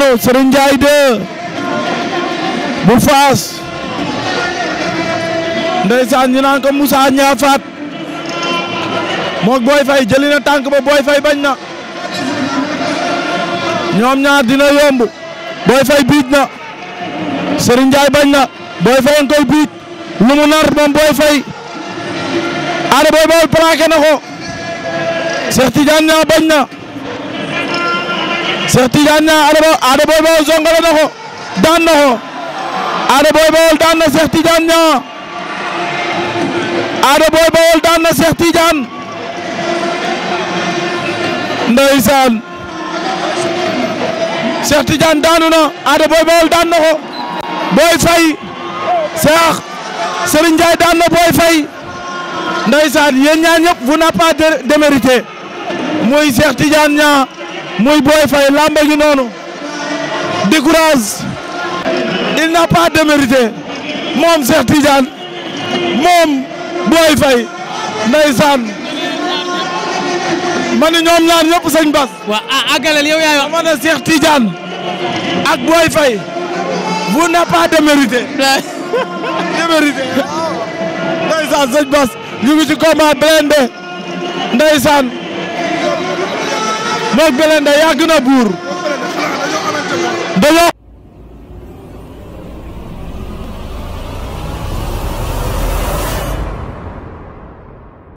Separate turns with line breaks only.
noonu Serigne Ndiaye bu Faas ndeysaan ñu naan ko Moussa Niafat moog Boy Faye jëli na tànk ba Boy bañ na ñoom ñaar dina yomb Boy Faye na Serigne bañ na Boy Faye nga koy biij lu mu nar moom Boy Faye na ko Cheikh Tidiane ñaa bañ na Cheikh Tidiane Niang Ada Boy Baol zongale na ko daan na ko Ada Boy daan na Cheikh Tidiane Niang Ada Boy daan na Cheikh Tidiane ndeysaan Cheikh Tidiane daanu na Ada Boy daan na ko Boy Faye Cheikh Serigne daan na Boy Faye ndeysaan yéen ñaar ñëpp vous n'a pas démérité muy Cheikh Tidiane Niang muy Boy Faye lamba gi noonu décourage il n'a pas démérité moom Cheikh Tidiane moom Boy Faye
ndeysaan ma ne ñoom ñaar ñëpp sëñ Bas. waaw ah àggaleel ah, yow yaay wax. ma ne Cheikh Tidiane ak Boy Faye vous n'a pas démérité. démérité ndeysaan sëñ Bas
ñu ngi ci combat blindé ndeysaan. moog Belende yàgg na buur. dañoo